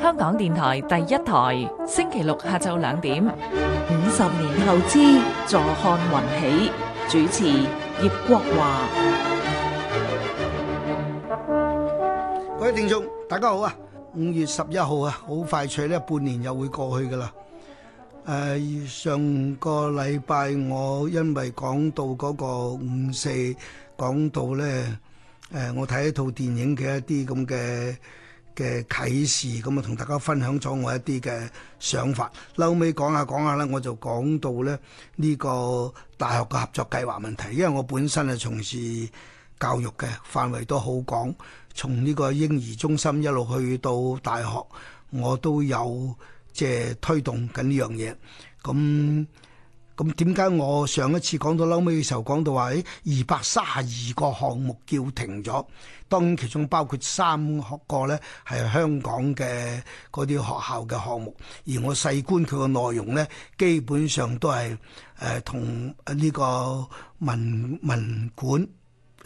香港電台第一台，星期六下晝兩點。五十年後之，坐看雲起。主持葉國華。各位聽眾，大家好啊！五月十一號啊，好快脆呢，半年又會過去㗎喇。誒，上個禮拜我因為講到嗰個五四，講到呢。誒、呃，我睇一套電影嘅一啲咁嘅嘅啟示，咁啊同大家分享咗我一啲嘅想法。嬲尾講下講下咧，我就講到咧呢、呢個大學嘅合作計劃問題，因為我本身係從事教育嘅範圍都好廣，從呢個嬰兒中心一路去到大學，我都有即係、就是、推動緊呢樣嘢。咁咁點解我上一次講到嬲尾嘅時候講到話二百三十二個項目叫停咗，當其中包括三個咧係香港嘅嗰啲學校嘅項目，而我細觀佢個內容咧，基本上都係誒同呢個文文管。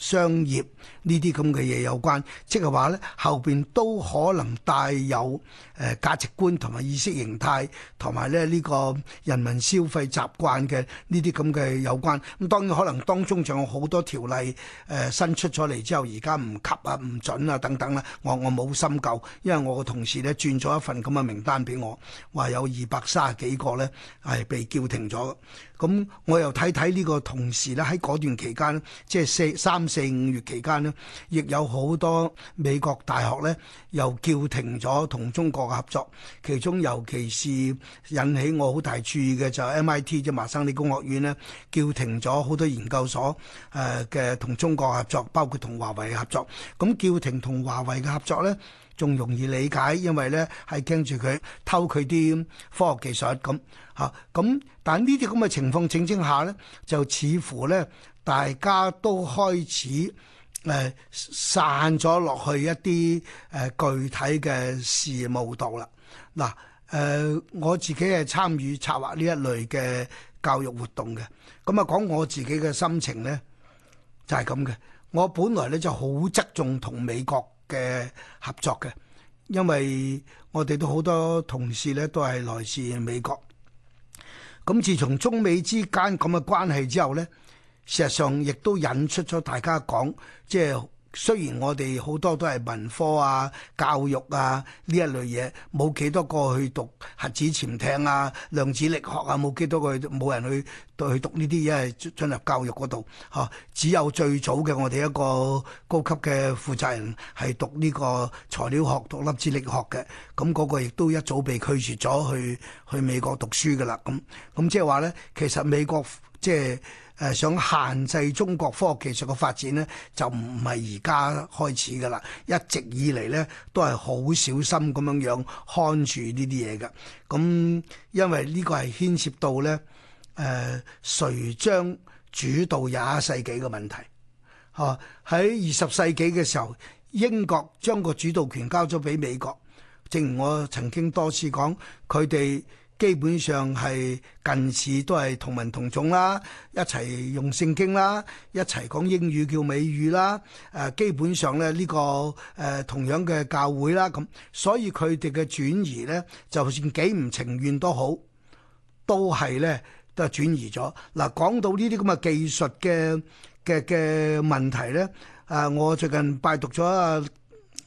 商業呢啲咁嘅嘢有關，即係話咧後邊都可能帶有誒、呃、價值觀同埋意識形態，同埋咧呢、這個人民消費習慣嘅呢啲咁嘅有關。咁當然可能當中仲有好多條例誒、呃、新出咗嚟之後，而家唔及啊、唔準啊等等啦、啊。我我冇深究，因為我個同事咧轉咗一份咁嘅名單俾我，話有二百三十幾個咧係被叫停咗。咁我又睇睇呢個同時咧，喺嗰段期間，即係四三四五月期間呢，亦有好多美國大學咧又叫停咗同中國嘅合作。其中尤其是引起我好大注意嘅就係 MIT 即麻省理工學院咧叫停咗好多研究所誒嘅同中國合作，包括同華為嘅合作。咁叫停同華為嘅合作咧，仲容易理解，因為咧係驚住佢偷佢啲科學技術咁。咁、啊、但係呢啲咁嘅情況情形下咧，就似乎咧大家都開始誒、呃、散咗落去一啲誒、呃、具體嘅事務度啦。嗱、啊，誒、呃、我自己係參與策劃呢一類嘅教育活動嘅，咁啊講我自己嘅心情咧就係咁嘅。我本來咧就好側重同美國嘅合作嘅，因為我哋都好多同事咧都係來自美國。咁自從中美之間咁嘅關係之後，咧，事實上亦都引出咗大家講，即係。雖然我哋好多都係文科啊、教育啊呢一類嘢，冇幾多個去讀核子潛艇啊、量子力學啊，冇幾多個冇人去去讀呢啲嘢係進入教育嗰度，嚇。只有最早嘅我哋一個高級嘅負責人係讀呢個材料學、讀粒子力學嘅，咁、那、嗰個亦都一早被拒絕咗去去美國讀書㗎啦。咁咁即係話咧，其實美國即係。就是誒想限制中國科學技術嘅發展呢，就唔係而家開始㗎喇，一直以嚟呢，都係好小心咁樣樣看住呢啲嘢嘅。咁、嗯、因為呢個係牽涉到呢，誒、呃、誰將主導廿一世紀嘅問題。嚇，喺二十世紀嘅時候，英國將個主導權交咗俾美國。正如我曾經多次講，佢哋。基本上係近似，都係同文同種啦，一齊用聖經啦，一齊講英語叫美語啦。誒、呃，基本上咧呢、呢個誒、呃、同樣嘅教會啦咁，所以佢哋嘅轉移咧，就算幾唔情願都好，都係咧都係轉移咗。嗱、啊，講到呢啲咁嘅技術嘅嘅嘅問題咧，誒、啊，我最近拜讀咗。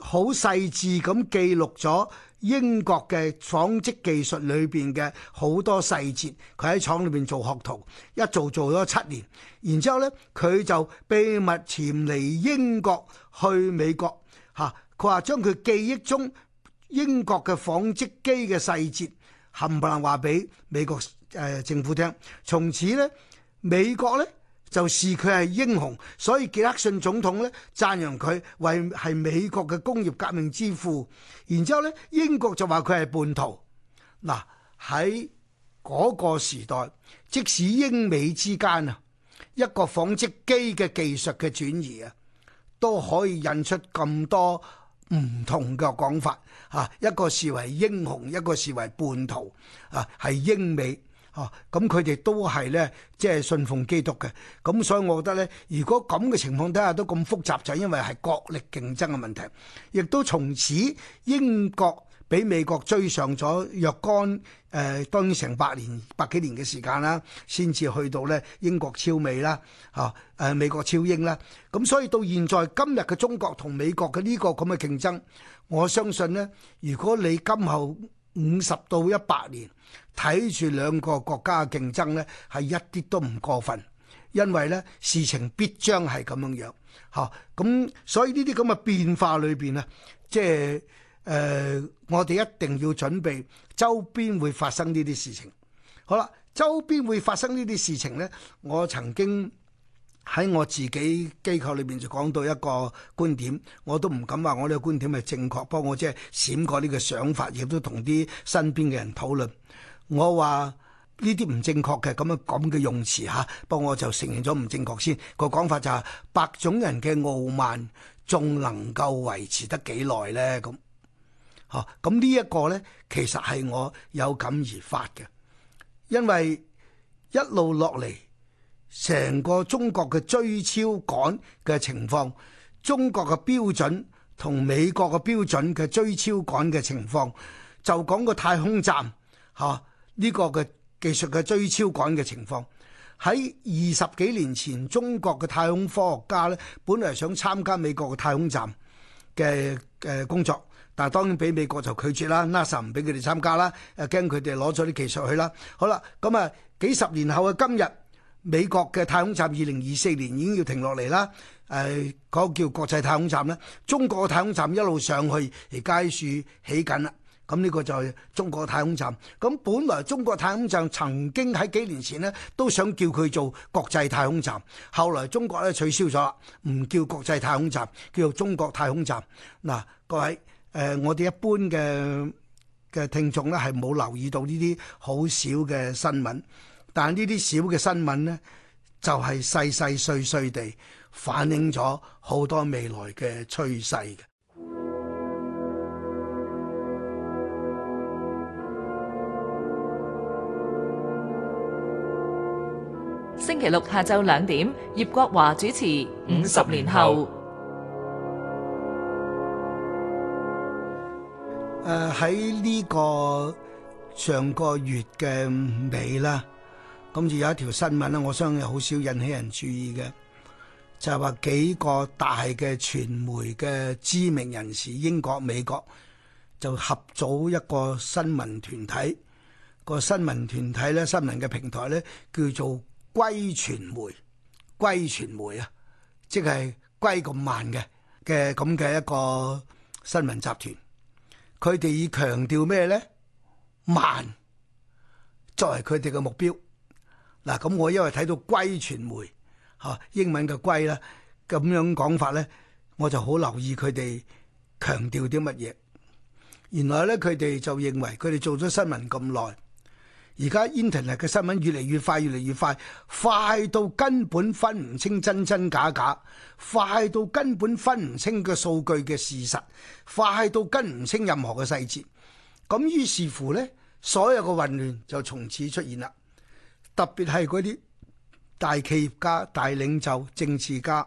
好細緻咁記錄咗英國嘅紡織技術裏邊嘅好多細節，佢喺廠裏邊做學徒，一做做咗七年，然之後呢，佢就秘密潛離英國去美國嚇，佢、啊、話將佢記憶中英國嘅紡織機嘅細節冚唪唥話俾美國誒、呃、政府聽，從此呢，美國呢。就視佢係英雄，所以傑克遜總統咧，讚揚佢為係美國嘅工業革命之父。然之後咧，英國就話佢係叛徒。嗱，喺嗰個時代，即使英美之間啊，一個紡織機嘅技術嘅轉移啊，都可以引出咁多唔同嘅講法啊，一個視為英雄，一個視為叛徒啊，係英美。哦，咁佢哋都係咧，即係信奉基督嘅，咁所以我覺得咧，如果咁嘅情況底下都咁複雜，就因為係國力競爭嘅問題，亦都從此英國俾美國追上咗若干誒，當然成百年百幾年嘅時間啦，先至去到咧英國超美啦，嚇誒美國超英啦，咁所以到現在今日嘅中國同美國嘅呢個咁嘅競爭，我相信咧，如果你今後，五十到一百年，睇住兩個國家嘅競爭呢，係一啲都唔過分，因為呢事情必將係咁樣樣嚇。咁所以呢啲咁嘅變化裏邊呢，即係誒、呃，我哋一定要準備周邊會發生呢啲事情。好啦，周邊會發生呢啲事情呢，我曾經，喺我自己機構裏邊就講到一個觀點，我都唔敢話我呢個觀點係正確。不過我即係閃過呢個想法，亦都同啲身邊嘅人討論。我話呢啲唔正確嘅咁樣咁嘅用詞嚇，啊，不過我就承認咗唔正確先。個講法就係、是、白種人嘅傲慢仲能夠維持得幾耐咧？咁，嚇咁呢一個咧，其實係我有感而發嘅，因為一路落嚟。成個中國嘅追超趕嘅情況，中國嘅標準同美國嘅標準嘅追超趕嘅情況，就講個太空站嚇呢、啊呢個嘅技術嘅追超趕嘅情況。喺二十幾年前，中國嘅太空科學家咧，本嚟想參加美國嘅太空站嘅嘅工作，但係當然俾美國就拒絕啦，NASA 唔俾佢哋參加啦，誒驚佢哋攞咗啲技術去啦。好啦，咁啊幾十年後嘅今日。美國嘅太空站二零二四年已經要停落嚟啦，誒、呃、嗰、那個叫國際太空站咧，中國嘅太空站一路上去而街樹起緊啦，咁呢個就係中國太空站。咁本來中國太空站曾經喺幾年前咧都想叫佢做國際太空站，後來中國咧取消咗，唔叫國際太空站，叫做中國太空站。嗱、呃，各位誒、呃，我哋一般嘅嘅聽眾咧係冇留意到呢啲好少嘅新聞。但呢啲小嘅新聞呢，就係細細碎碎地反映咗好多未來嘅趨勢嘅。星期六下晝兩點，葉國華主持《五十年後》五五年後。誒喺呢個上個月嘅尾啦。咁就有一條新聞咧，我相信好少引起人注意嘅，就係話幾個大嘅傳媒嘅知名人士，英國、美國就合組一個新聞團體。個新聞團體咧，新聞嘅平台咧，叫做龜傳媒，龜傳媒啊，即係龜咁慢嘅嘅咁嘅一個新聞集團。佢哋以強調咩咧？慢作為佢哋嘅目標。嗱咁，我因為睇到龜傳媒嚇、啊、英文嘅龜咧、啊，咁樣講法咧，我就好留意佢哋強調啲乜嘢。原來咧，佢哋就認為佢哋做咗新聞咁耐，而家 internet 嘅新聞越嚟越快，越嚟越快，快到根本分唔清真真假假，快到根本分唔清個數據嘅事實，快到跟唔清任何嘅細節。咁於是乎咧，所有嘅混亂就從此出現啦。特別係嗰啲大企業家、大領袖、政治家，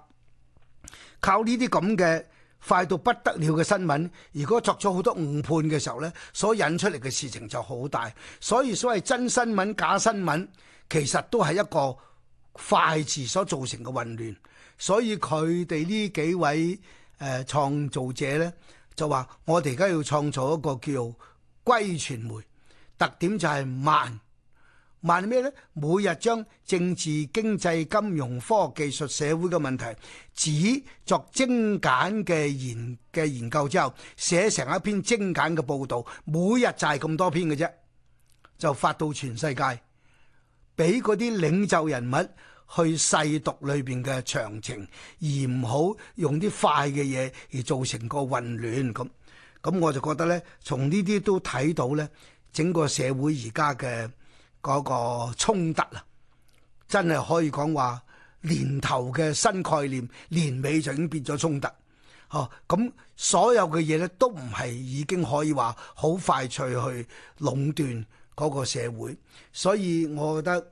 靠呢啲咁嘅快到不得了嘅新聞，如果作咗好多誤判嘅時候咧，所引出嚟嘅事情就好大。所以所謂真新聞、假新聞，其實都係一個快字所造成嘅混亂。所以佢哋呢幾位誒創造者咧，就話我哋而家要創造一個叫龜傳媒，特點就係慢。慢咩咧？每日將政治、經濟、金融、科學、技術、社會嘅問題，只作精簡嘅研嘅研究之後，寫成一篇精簡嘅報道。每日就係咁多篇嘅啫，就發到全世界，俾嗰啲領袖人物去細讀裏邊嘅詳情，而唔好用啲快嘅嘢而造成個混亂。咁咁我就覺得咧，從呢啲都睇到咧，整個社會而家嘅。嗰個衝突啊，真係可以講話年頭嘅新概念，年尾就已經變咗衝突。哦，咁所有嘅嘢咧都唔係已經可以話好快脆去壟斷嗰個社會，所以我覺得誒、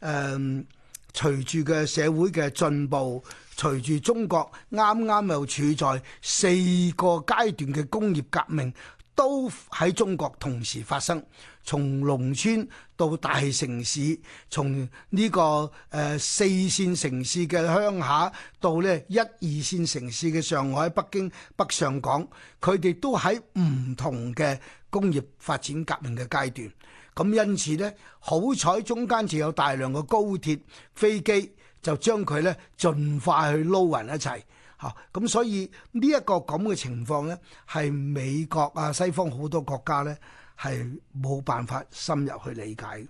嗯，隨住嘅社會嘅進步，隨住中國啱啱又處在四個階段嘅工業革命，都喺中國同時發生。從農村到大城市，從呢、這個誒、呃、四線城市嘅鄉下到咧一二線城市嘅上海、北京、北上廣，佢哋都喺唔同嘅工業發展革命嘅階段。咁因此呢，好彩中間就有大量嘅高鐵、飛機，就將佢呢盡快去撈勻一齊嚇。咁所以呢一個咁嘅情況呢，係美國啊、西方好多國家呢。係冇辦法深入去理解，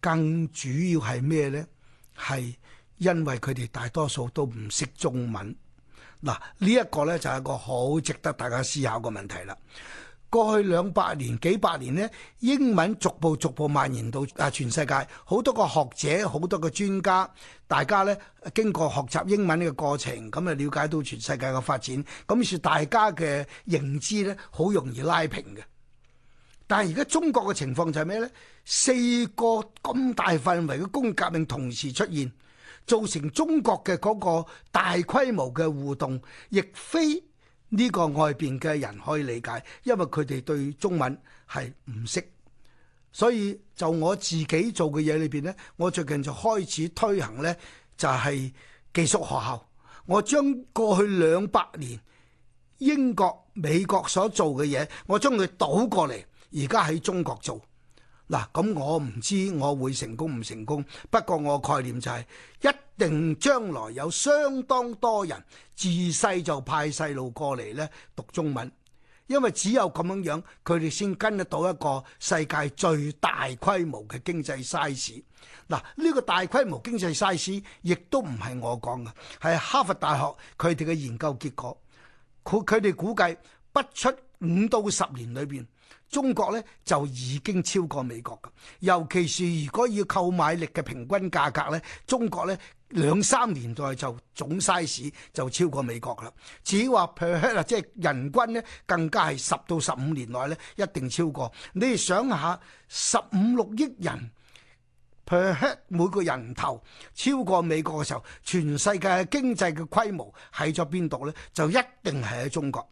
更主要係咩呢？係因為佢哋大多數都唔識中文。嗱，呢一個呢，就係一個好值得大家思考嘅問題啦。過去兩百年、幾百年呢，英文逐步逐步蔓延到啊全世界，好多個學者、好多個專家，大家呢經過學習英文呢個過程，咁啊了解到全世界嘅發展，咁於是大家嘅認知呢，好容易拉平嘅。但係而家中國嘅情況就係咩呢？四個咁大範圍嘅工革命同時出現，造成中國嘅嗰個大規模嘅互動，亦非呢個外邊嘅人可以理解，因為佢哋對中文係唔識。所以就我自己做嘅嘢裏邊呢，我最近就開始推行呢，就係寄宿學校。我將過去兩百年英國、美國所做嘅嘢，我將佢倒過嚟。而家喺中國做嗱，咁我唔知我會成功唔成功。不過我概念就係、是、一定將來有相當多人自細就派細路過嚟呢讀中文，因為只有咁樣樣，佢哋先跟得到一個世界最大規模嘅經濟 size。嗱，呢個大規模經濟 size 亦都唔係我講嘅，係哈佛大學佢哋嘅研究結果。佢佢哋估計不出五到十年裏邊，中國咧就已經超過美國噶，尤其是如果要購買力嘅平均價格咧，中國咧兩三年代就總 size 就超過美國啦。只話 per head 即係人均咧，更加係十到十五年內咧一定超過。你哋想下十五六億人 per head 每個人頭超過美國嘅時候，全世界嘅經濟嘅規模喺咗邊度咧，就一定係喺中國。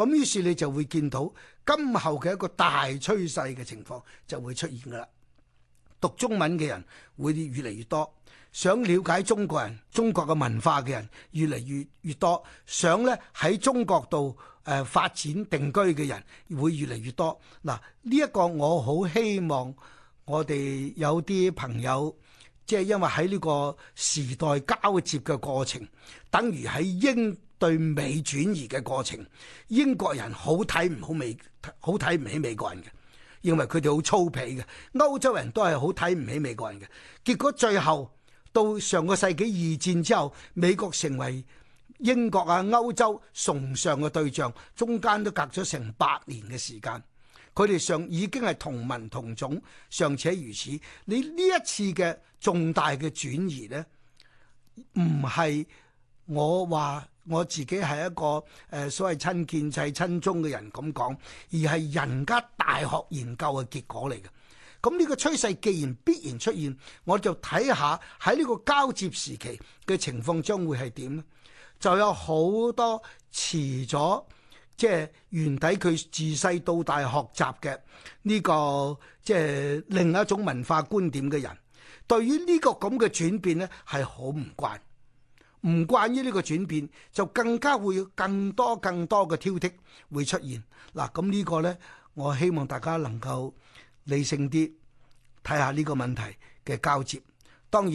咁於是你就會見到今後嘅一個大趨勢嘅情況就會出現㗎喇。讀中文嘅人會越嚟越多，想了解中國人、中國嘅文化嘅人越嚟越越多，想呢喺中國度誒、呃、發展定居嘅人會越嚟越多。嗱，呢、這、一個我好希望我哋有啲朋友，即、就、係、是、因為喺呢個時代交接嘅過程，等於喺英。對美轉移嘅過程，英國人好睇唔好美，好睇唔起美國人嘅，認為佢哋好粗鄙嘅。歐洲人都係好睇唔起美國人嘅。結果最後到上個世紀二戰之後，美國成為英國啊、歐洲崇尚嘅對象，中間都隔咗成百年嘅時間。佢哋尚已經係同文同種，尚且如此。你呢一次嘅重大嘅轉移呢，唔係我話。我自己係一個誒、呃、所謂親建制親中嘅人咁講，而係人家大學研究嘅結果嚟嘅。咁呢個趨勢既然必然出現，我就睇下喺呢個交接時期嘅情況將會係點。就有好多遲咗即係原底佢自細到大學習嘅呢、這個即係、就是、另一種文化觀點嘅人，對於呢個咁嘅轉變呢，係好唔慣。唔慣於呢個轉變，就更加會有更多更多嘅挑剔會出現。嗱，咁呢個咧，我希望大家能夠理性啲睇下呢個問題嘅交接。當然，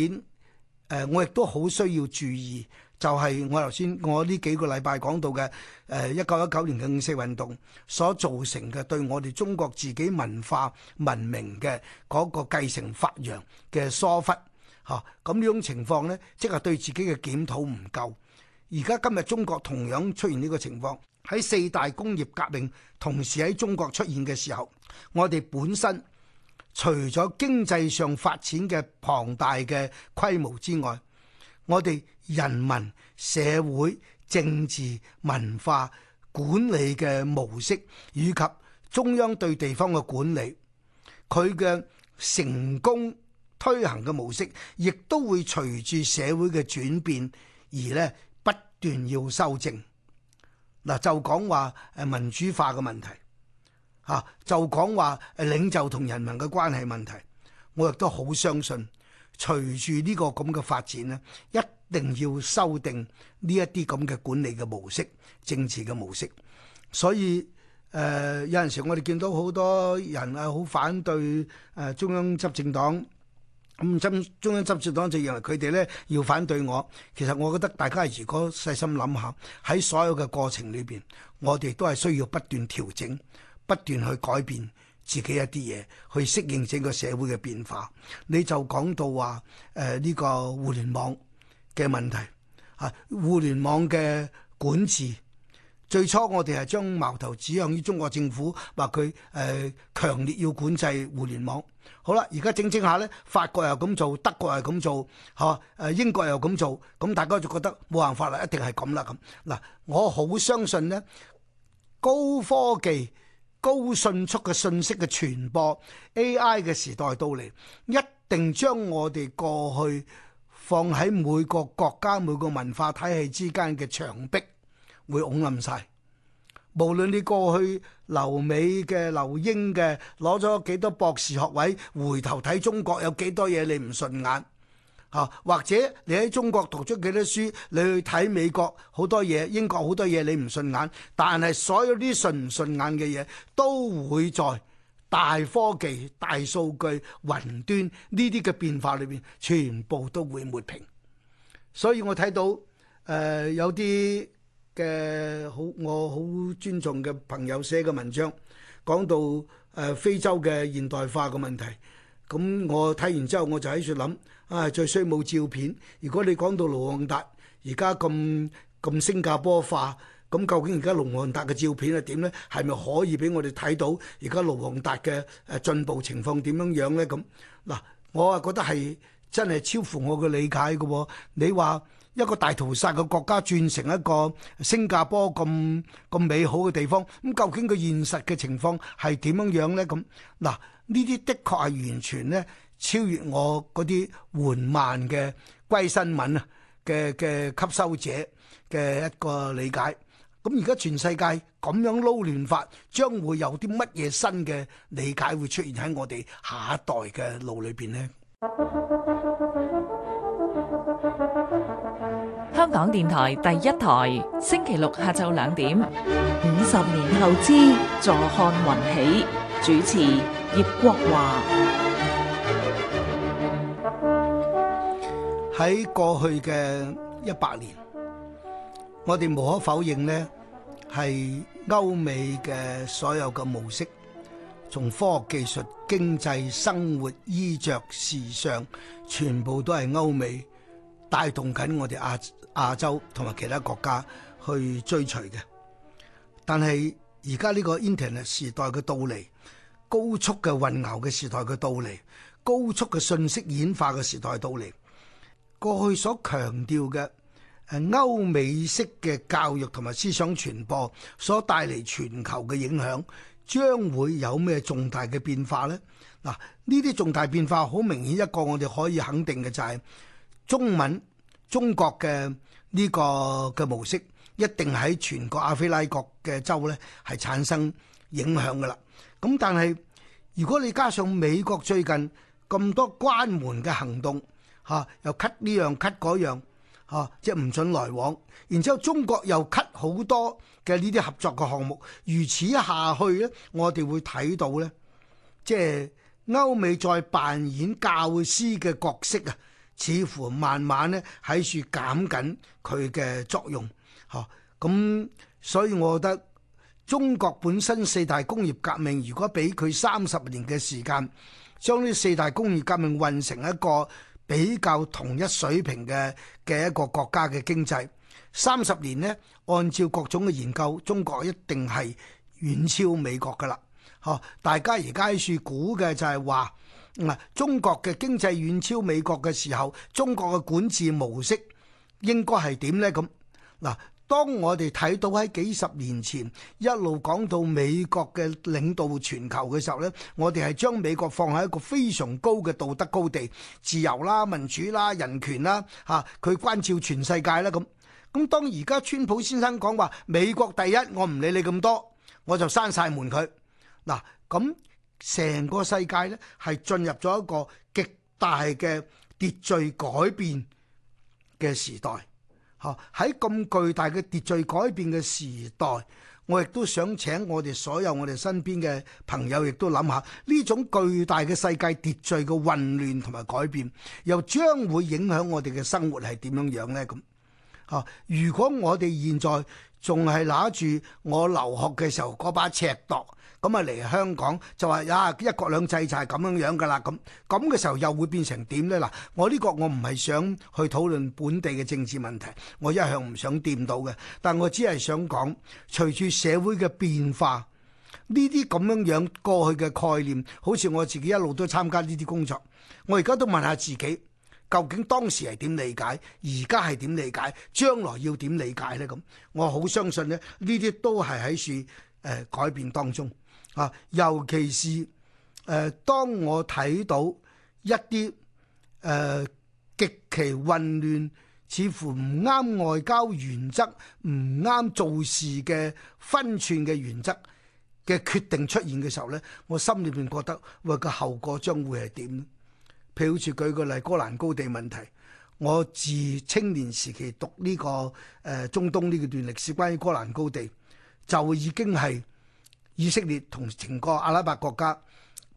誒我亦都好需要注意，就係我頭先我呢幾個禮拜講到嘅誒一九一九年嘅五四運動所造成嘅對我哋中國自己文化文明嘅嗰個繼承發揚嘅疏忽。嚇！咁呢種情況呢，即係對自己嘅檢討唔夠。而家今日中國同樣出現呢個情況，喺四大工業革命同時喺中國出現嘅時候，我哋本身除咗經濟上發展嘅龐大嘅規模之外，我哋人民、社會、政治、文化、管理嘅模式，以及中央對地方嘅管理，佢嘅成功。.推行嘅模式，亦都會隨住社會嘅轉變而咧不斷要修正。嗱，就講話誒民主化嘅問題，嚇，就講話誒領袖同人民嘅關係問題，我亦都好相信，隨住呢個咁嘅發展咧，一定要修訂呢一啲咁嘅管理嘅模式、政治嘅模式。所以誒、呃，有陣時我哋見到好多人啊，好反對誒中央執政黨。咁中中央執政黨就認為佢哋咧要反對我，其實我覺得大家如果細心諗下，喺所有嘅過程裏邊，我哋都係需要不斷調整、不斷去改變自己一啲嘢，去適應整個社會嘅變化。你就講到話誒呢個互聯網嘅問題，啊，互聯網嘅管治，最初我哋係將矛頭指向於中國政府，話佢誒強烈要管制互聯網。好啦，而家整整下咧，法國又咁做，德國又咁做，吓，誒英國又咁做，咁大家就覺得冇辦法啦，一定係咁啦咁。嗱，我好相信咧，高科技、高迅速嘅信息嘅傳播、AI 嘅時代到嚟，一定將我哋過去放喺每個國家每個文化體系之間嘅牆壁會擁冧晒。無論你過去留美嘅、留英嘅，攞咗幾多博士學位，回頭睇中國有幾多嘢你唔順眼，吓，或者你喺中國讀咗幾多書，你去睇美國好多嘢、英國好多嘢你唔順眼，但係所有啲順唔順眼嘅嘢，都會在大科技、大數據、雲端呢啲嘅變化裏邊，全部都會抹平。所以我睇到誒、呃、有啲。嘅好，我好尊重嘅朋友寫嘅文章，講到誒、呃、非洲嘅現代化嘅問題，咁我睇完之後我就喺處諗，啊、哎，最衰冇照片。如果你講到盧旺達而家咁咁新加坡化，咁究竟而家盧旺達嘅照片係點呢？係咪可以俾我哋睇到而家盧旺達嘅誒進步情況點樣樣呢？」咁嗱，我啊覺得係真係超乎我嘅理解嘅喎、哦，你話？一個大屠殺嘅國家，轉成一個新加坡咁咁美好嘅地方，咁究竟個現實嘅情況係點樣樣咧？咁嗱，呢啲的確係完全咧超越我嗰啲緩慢嘅龜新聞啊嘅嘅吸收者嘅一個理解。咁而家全世界咁樣撈亂法，將會有啲乜嘢新嘅理解會出現喺我哋下一代嘅路裏邊咧？港電台第一台，星期六下晝兩點。五十年後之，坐看雲起。主持葉國華。喺過去嘅一百年，我哋無可否認呢係歐美嘅所有嘅模式，從科學技術、經濟、生活、衣着、時尚，全部都係歐美帶動緊我哋啊！亞洲同埋其他國家去追隨嘅，但係而家呢個 Internet 時代嘅到嚟，高速嘅混淆嘅時代嘅到嚟，高速嘅信息演化嘅時代到嚟，過去所強調嘅誒歐美式嘅教育同埋思想傳播所帶嚟全球嘅影響，將會有咩重大嘅變化咧？嗱，呢啲重大變化好明顯，一個我哋可以肯定嘅就係中文。中國嘅呢個嘅模式一定喺全個亞非拉國嘅州咧係產生影響噶啦。咁但係如果你加上美國最近咁多關門嘅行動，嚇、啊、又咳呢樣咳嗰樣，嚇即係唔準來往，然之後中國又咳好多嘅呢啲合作嘅項目，如此下去咧，我哋會睇到咧，即、就、係、是、歐美再扮演教師嘅角色啊！似乎慢慢咧喺處減緊佢嘅作用，嗬，咁所以我覺得中國本身四大工業革命，如果俾佢三十年嘅時間，將呢四大工業革命運成一個比較同一水平嘅嘅一個國家嘅經濟，三十年呢，按照各種嘅研究，中國一定係遠超美國噶啦，嗬，大家而家喺處估嘅就係話。嗱，中國嘅經濟遠超美國嘅時候，中國嘅管治模式應該係點呢？咁嗱，當我哋睇到喺幾十年前一路講到美國嘅領導全球嘅時候呢，我哋係將美國放喺一個非常高嘅道德高地，自由啦、民主啦、人權啦，嚇佢關照全世界啦咁。咁當而家川普先生講話，美國第一，我唔理你咁多，我就閂晒門佢。嗱咁。成個世界呢，係進入咗一個極大嘅秩序改變嘅時代。嚇喺咁巨大嘅秩序改變嘅時代，我亦都想請我哋所有我哋身邊嘅朋友想想，亦都諗下呢種巨大嘅世界秩序嘅混亂同埋改變，又將會影響我哋嘅生活係點樣樣呢？咁嚇，如果我哋現在仲係拿住我留學嘅時候嗰把尺度。咁啊嚟香港就話啊一國兩制就係咁樣樣噶啦，咁咁嘅時候又會變成點咧？嗱，我呢個我唔係想去討論本地嘅政治問題，我一向唔想掂到嘅。但我只係想講隨住社會嘅變化，呢啲咁樣樣過去嘅概念，好似我自己一路都參加呢啲工作，我而家都問下自己，究竟當時係點理解，而家係點理解，將來要點理解咧？咁我好相信咧，呢啲都係喺樹。誒改變當中啊，尤其是誒、呃、當我睇到一啲誒、呃、極其混亂，似乎唔啱外交原則、唔啱做事嘅分寸嘅原則嘅決定出現嘅時候咧，我心裏邊覺得，哇、呃！個後果將會係點？譬如好似舉個例，哥蘭高地問題，我自青年時期讀呢、這個誒、呃、中東呢個段歷史，關於哥蘭高地。就已經係以色列同成個阿拉伯國家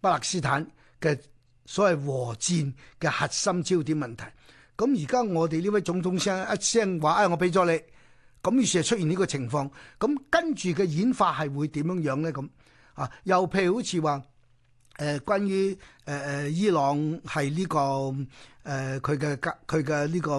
巴勒斯坦嘅所謂和戰嘅核心焦點問題。咁而家我哋呢位總統聲一聲話：哎，我俾咗你。咁於是就出現呢個情況。咁跟住嘅演化係會點樣樣咧？咁啊，又譬如好似話。誒、呃，關於誒誒、呃，伊朗係呢、這個誒，佢嘅佢嘅呢個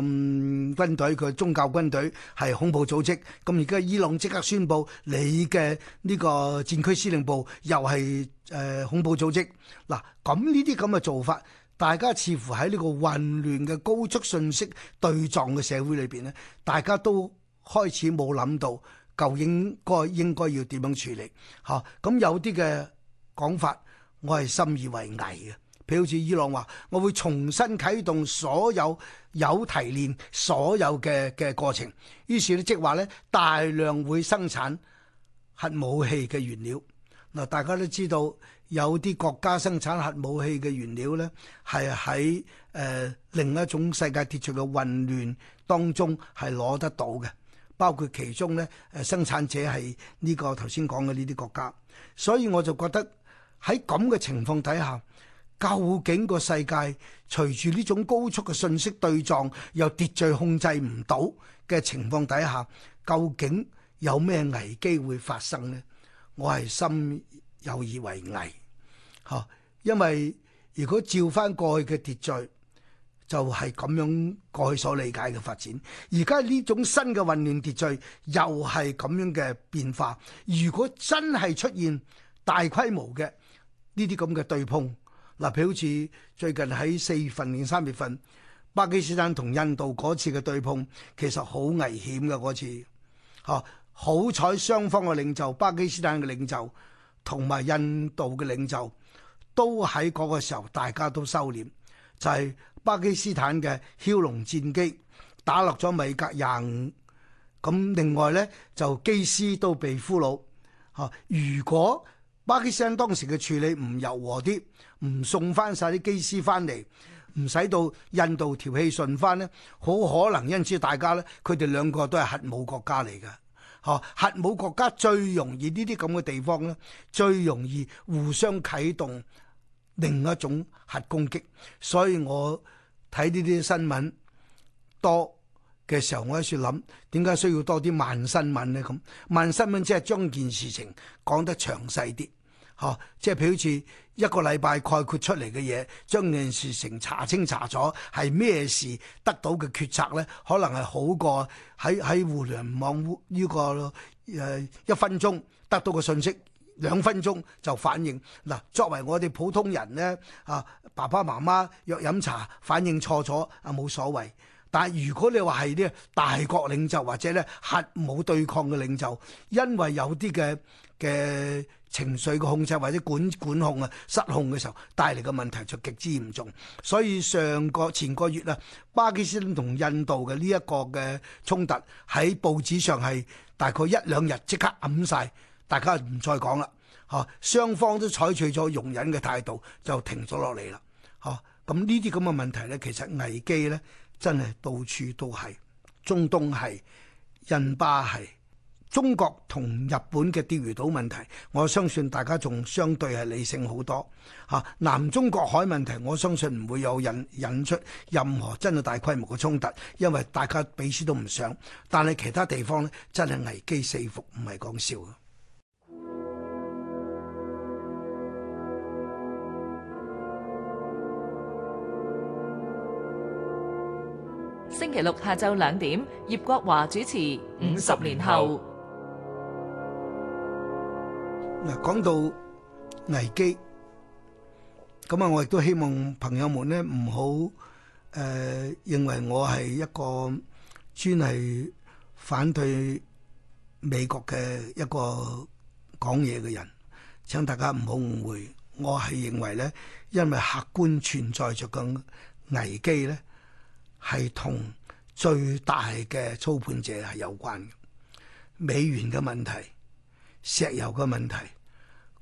軍隊，佢宗教軍隊係恐怖組織。咁而家伊朗即刻宣布，你嘅呢個戰區司令部又係誒、呃、恐怖組織。嗱，咁呢啲咁嘅做法，大家似乎喺呢個混亂嘅高速信息對撞嘅社會裏邊咧，大家都開始冇諗到，究竟該應該要點樣處理嚇？咁有啲嘅講法。我係深以為危嘅，譬如好似伊朗話，我會重新啟動所有有提煉所有嘅嘅過程，於是咧即係話咧大量會生產核武器嘅原料。嗱，大家都知道有啲國家生產核武器嘅原料咧，係喺誒另一種世界秩序嘅混亂當中係攞得到嘅，包括其中咧誒生產者係呢個頭先講嘅呢啲國家，所以我就覺得。喺咁嘅情況底下，究竟個世界隨住呢種高速嘅信息對撞，又秩序控制唔到嘅情況底下，究竟有咩危機會發生呢？我係心有以為危，吓，因為如果照翻過去嘅秩序，就係咁樣過去所理解嘅發展。而家呢種新嘅混亂秩序又係咁樣嘅變化。如果真係出現大規模嘅，呢啲咁嘅對碰，嗱譬如好似最近喺四月份、三月份，巴基斯坦同印度嗰次嘅對碰，其實好危險嘅嗰次，嚇、啊、好彩雙方嘅領袖，巴基斯坦嘅領袖同埋印度嘅領袖，都喺嗰個時候大家都收斂，就係、是、巴基斯坦嘅梟龍戰機打落咗米格廿五、啊，咁另外呢，就機師都被俘虜，嚇、啊、如果。巴基斯坦當時嘅處理唔柔和啲，唔送翻晒啲機師翻嚟，唔使到印度條氣順翻咧，好可能因此大家咧，佢哋兩個都係核武國家嚟㗎，嚇、啊、核武國家最容易呢啲咁嘅地方咧，最容易互相啟動另一種核攻擊。所以我睇呢啲新聞多嘅時候，我喺度諗點解需要多啲慢新聞咧？咁慢新聞即係將件事情講得詳細啲。哦，即係譬如好似一個禮拜概括出嚟嘅嘢，將件事成查清查咗，係咩事得到嘅決策咧？可能係好過喺喺互聯網呢、這個誒、呃、一分鐘得到嘅信息，兩分鐘就反應。嗱、啊，作為我哋普通人咧，啊，爸爸媽媽約飲茶反應錯咗啊冇所謂。但係如果你話係啲大國領袖或者咧核武對抗嘅領袖，因為有啲嘅嘅。情緒嘅控制或者管管控啊失控嘅時候帶嚟嘅問題就極之嚴重，所以上個前個月啦，巴基斯坦同印度嘅呢一個嘅衝突喺報紙上係大概一兩日即刻暗晒。大家唔再講啦，吓，雙方都採取咗容忍嘅態度，就停咗落嚟啦，吓，咁呢啲咁嘅問題咧，其實危機咧真係到處都係，中東係，印巴係。中國同日本嘅釣魚島問題，我相信大家仲相對係理性好多。嚇、啊，南中國海問題，我相信唔會有引引出任何真係大規模嘅衝突，因為大家彼此都唔想。但係其他地方呢，真係危機四伏，唔係講笑嘅！星期六下晝兩點，葉國華主持《五十年後》。講到危機，咁啊，我亦都希望朋友們咧唔好，誒認為我係一個專係反對美國嘅一個講嘢嘅人，請大家唔好誤會，我係認為咧，因為客觀存在着嘅危機咧係同最大嘅操盤者係有關嘅，美元嘅問題、石油嘅問題。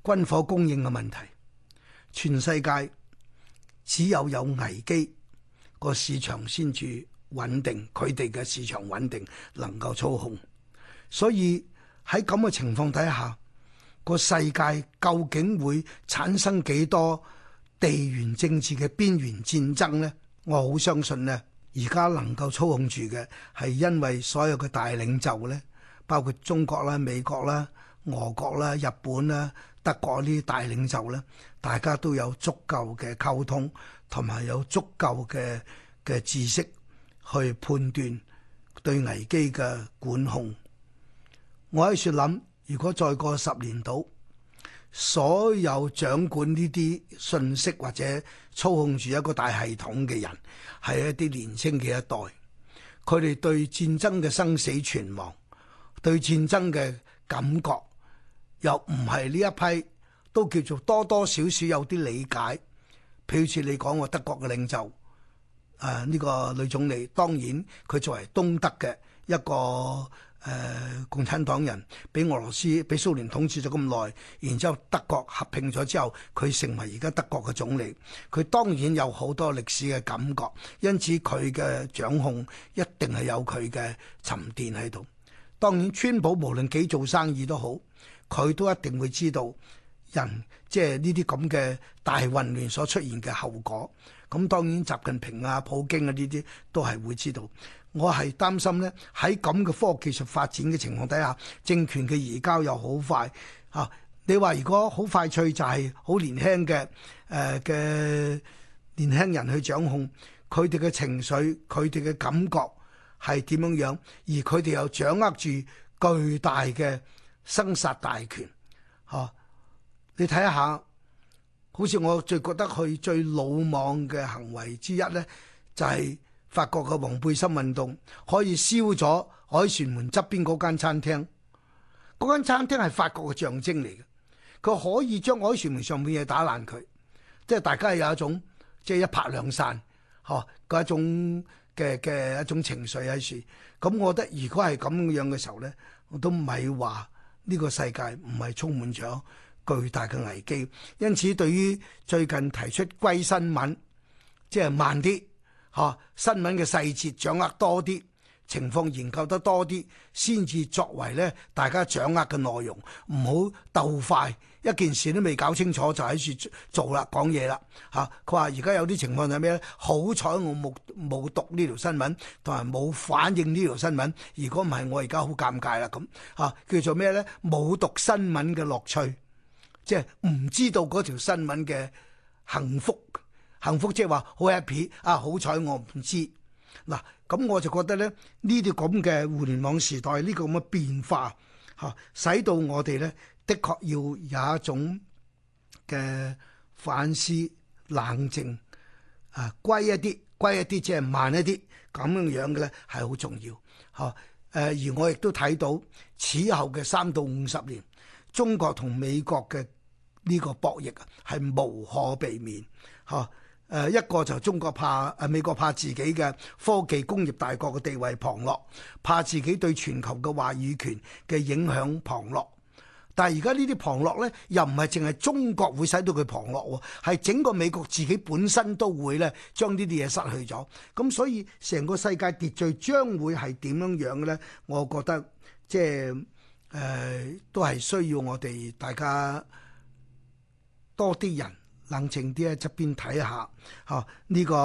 軍火供應嘅問題，全世界只有有危機個市場先至穩定，佢哋嘅市場穩定能夠操控。所以喺咁嘅情況底下，個世界究竟會產生幾多地緣政治嘅邊緣戰爭呢？我好相信呢，而家能夠操控住嘅係因為所有嘅大領袖呢，包括中國啦、美國啦、俄國啦、日本啦。德國呢啲大領袖咧，大家都有足夠嘅溝通，同埋有足夠嘅嘅知識去判斷對危機嘅管控。我喺度諗，如果再過十年到，所有掌管呢啲信息或者操控住一個大系統嘅人，係一啲年青嘅一代，佢哋對戰爭嘅生死存亡，對戰爭嘅感覺。又唔係呢一批，都叫做多多少少有啲理解。譬如你講個德國嘅領袖，誒、呃、呢、呢個女總理，當然佢作為東德嘅一個誒、呃、共產黨人，俾俄羅斯俾蘇聯統治咗咁耐，然之後德國合併咗之後，佢成為而家德國嘅總理，佢當然有好多歷史嘅感覺，因此佢嘅掌控一定係有佢嘅沉澱喺度。當然川普無論幾做生意都好。佢都一定會知道人即係呢啲咁嘅大混亂所出現嘅後果。咁當然，習近平啊、普京啊呢啲都係會知道。我係擔心咧，喺咁嘅科學技術發展嘅情況底下，政權嘅移交又好快嚇啊。你話如果好快脆就係好年輕嘅誒嘅年輕人去掌控佢哋嘅情緒，佢哋嘅感覺係點樣樣，而佢哋又掌握住巨大嘅。生殺大權，嚇、啊！你睇一下，好似我最覺得佢最魯莽嘅行為之一咧，就係、是、法國嘅黃背心運動可以燒咗凱旋門側邊嗰間餐廳。嗰間餐廳係法國嘅象徵嚟嘅，佢可以將凱旋門上面嘢打爛佢，即係大家有一種即係一拍兩散嚇嗰、啊、一種嘅嘅一種情緒喺處。咁我覺得如果係咁樣嘅時候咧，我都唔係話。呢個世界唔係充滿咗巨大嘅危機，因此對於最近提出慢新聞，即係慢啲嚇、啊、新聞嘅細節掌握多啲，情況研究得多啲，先至作為咧大家掌握嘅內容，唔好鬥快。一件事都未搞清楚就喺處做啦，講嘢啦嚇！佢話而家有啲情況係咩咧？好彩我冇冇讀呢條新聞，同埋冇反應呢條新聞。如果唔係，我而家好尷尬啦咁嚇。叫做咩咧？冇讀新聞嘅樂趣，即係唔知道嗰條新聞嘅幸福幸福，即係話好 happy 啊！好彩我唔知嗱，咁、啊、我就覺得咧呢啲咁嘅互聯網時代呢、呢個咁嘅變化嚇、啊，使到我哋咧。的確要有一種嘅反思、冷靜啊，乖一啲、乖一啲，即係慢一啲咁樣樣嘅咧，係好重要。嗬，誒，而我亦都睇到此後嘅三到五十年，中國同美國嘅呢個博弈啊，係無可避免。嗬，誒，一個就中國怕誒美國怕自己嘅科技工業大國嘅地位旁落，怕自己對全球嘅話語權嘅影響旁落。但係而家呢啲旁落咧，又唔係淨係中國會使到佢旁落喎、啊，係整個美國自己本身都會咧將呢啲嘢失去咗。咁所以成個世界秩序將會係點樣樣咧？我覺得即係誒、呃、都係需要我哋大家多啲人冷靜啲喺側邊睇下，嚇、啊、呢、呢個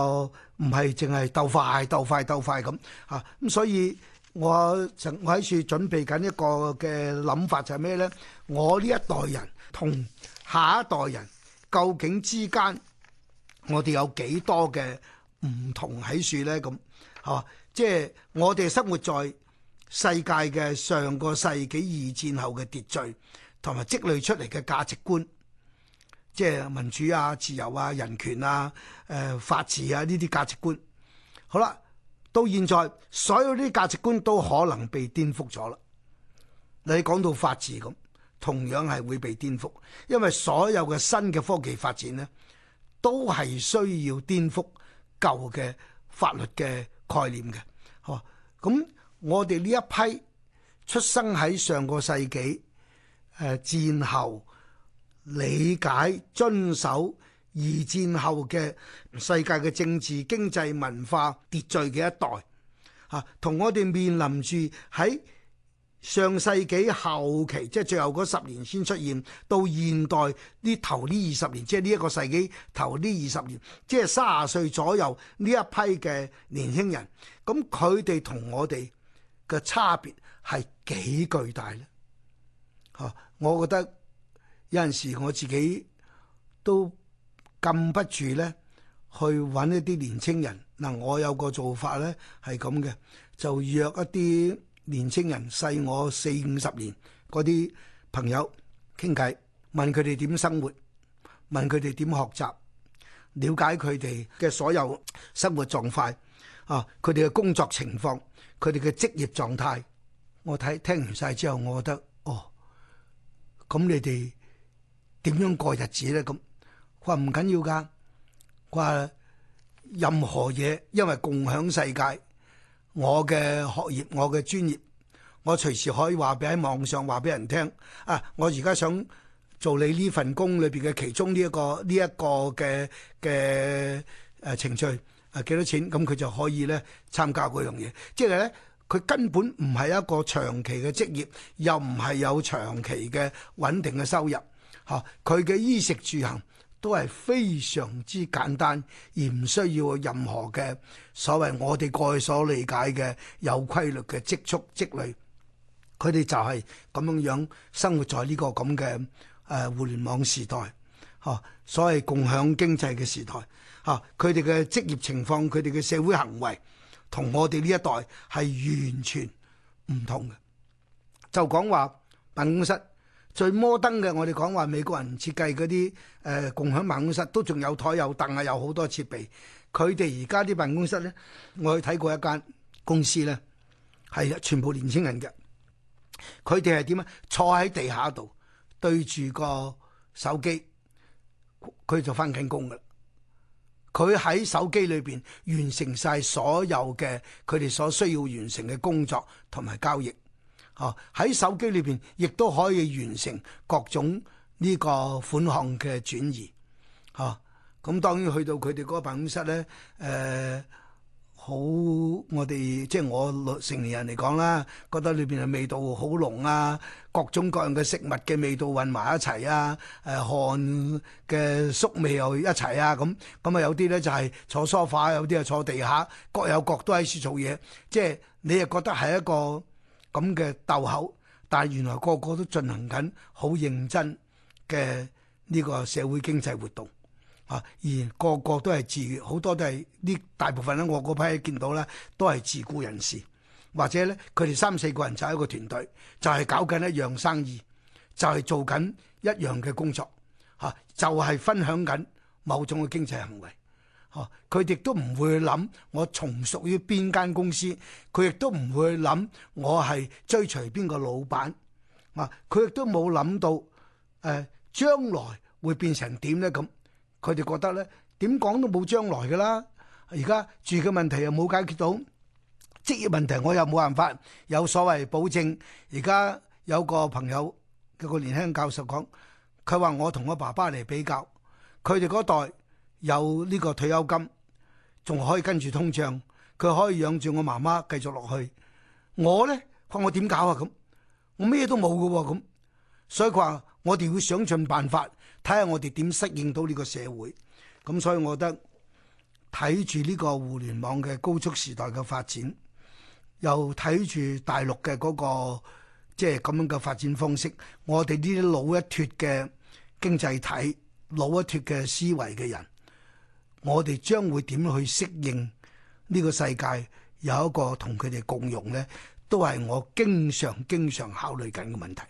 唔係淨係鬥快、鬥快、鬥快咁嚇咁，啊、所以。我就我喺處準備緊一個嘅諗法就係咩咧？我呢一代人同下一代人究竟之間，我哋有幾多嘅唔同喺處咧？咁吓，即係我哋生活在世界嘅上個世紀二戰後嘅秩序，同埋積累出嚟嘅價值觀，即係民主啊、自由啊、人權啊、誒、呃、法治啊呢啲價值觀。好啦。到現在所有啲價值觀都可能被顛覆咗啦。你講到法治咁，同樣係會被顛覆，因為所有嘅新嘅科技發展呢，都係需要顛覆舊嘅法律嘅概念嘅。嗬，咁我哋呢一批出生喺上個世紀誒、呃、戰後，理解遵守。二戰後嘅世界嘅政治、經濟、文化秩序嘅一代，吓，同我哋面臨住喺上世紀後期，即係最後嗰十年先出現到現代呢頭呢二十年，即係呢一個世紀頭呢二十年，即係三十歲左右呢一批嘅年輕人，咁佢哋同我哋嘅差別係幾巨大咧？吓，我覺得有陣時我自己都，禁不住咧，去揾一啲年青人嗱，我有個做法咧係咁嘅，就約一啲年青人細我四五十年嗰啲朋友傾偈，問佢哋點生活，問佢哋點學習，了解佢哋嘅所有生活狀態啊，佢哋嘅工作情況，佢哋嘅職業狀態，我睇聽完晒之後，我覺得哦，咁你哋點樣過日子咧咁？佢話唔緊要㗎。佢話任何嘢，因為共享世界，我嘅學業、我嘅專業，我隨時可以話俾喺網上話俾人聽。啊，我而家想做你呢份工裏邊嘅其中呢、一、一個呢一、一個嘅嘅誒程序，誒、啊、幾多錢？咁佢就可以咧參加嗰樣嘢。即係咧，佢根本唔係一個長期嘅職業，又唔係有長期嘅穩定嘅收入。嚇、啊，佢嘅衣食住行。都係非常之簡單，而唔需要任何嘅所謂我哋過去所理解嘅有規律嘅積蓄積累。佢哋就係咁樣樣生活在呢個咁嘅誒互聯網時代，嚇所謂共享經濟嘅時代，嚇佢哋嘅職業情況，佢哋嘅社會行為，同我哋呢一代係完全唔同嘅。就講話辦公室。最摩登嘅，我哋講話美國人設計嗰啲誒共享辦公室，都仲有台有凳啊，有好多設備。佢哋而家啲辦公室咧，我去睇過一間公司咧，係全部年青人嘅。佢哋係點啊？坐喺地下度，對住個手機，佢就翻緊工噶啦。佢喺手機裏邊完成晒所有嘅佢哋所需要完成嘅工作同埋交易。哦，喺手機裏邊亦都可以完成各種呢個款項嘅轉移，嚇、哦。咁、嗯、當然去到佢哋嗰個辦公室咧，誒、呃，好我哋即係我成年人嚟講啦，覺得裏邊嘅味道好濃啊，各種各樣嘅食物嘅味道混埋一齊啊，誒、呃，汗嘅宿味又一齊啊，咁咁啊，有啲咧就係坐梳化，有啲啊坐地下，各有各都喺處做嘢，即係你又覺得係一個，咁嘅斗口，但係原來個個都進行緊好認真嘅呢個社會經濟活動啊，而個個都係自僱，好多都係呢大部分咧。我嗰批見到咧都係自僱人士，或者咧佢哋三四個人就係一個團隊，就係、是、搞緊一樣生意，就係、是、做緊一樣嘅工作，吓、啊、就係、是、分享緊某種嘅經濟行為。哦，佢哋都唔會諗我從屬於邊間公司，佢亦都唔會諗我係追隨邊個老闆。啊，佢亦都冇諗到誒，將來會變成點咧？咁佢哋覺得咧，點講都冇將來嘅啦。而家住嘅問題又冇解決到，職業問題我又冇辦法有所謂保證。而家有個朋友嘅個年輕教授講，佢話我同我爸爸嚟比較，佢哋嗰代。有呢個退休金，仲可以跟住通脹，佢可以養住我媽媽繼續落去。我咧，佢我點搞啊？咁我咩都冇噶，咁所以佢話我哋會想盡辦法睇下我哋點適應到呢個社會。咁所以我覺得睇住呢個互聯網嘅高速時代嘅發展，又睇住大陸嘅嗰個即係咁樣嘅發展方式，我哋呢啲老一脱嘅經濟體、老一脱嘅思維嘅人。我哋將會點樣去適應呢個世界，有一個同佢哋共融咧，都係我經常經常考慮緊嘅問題。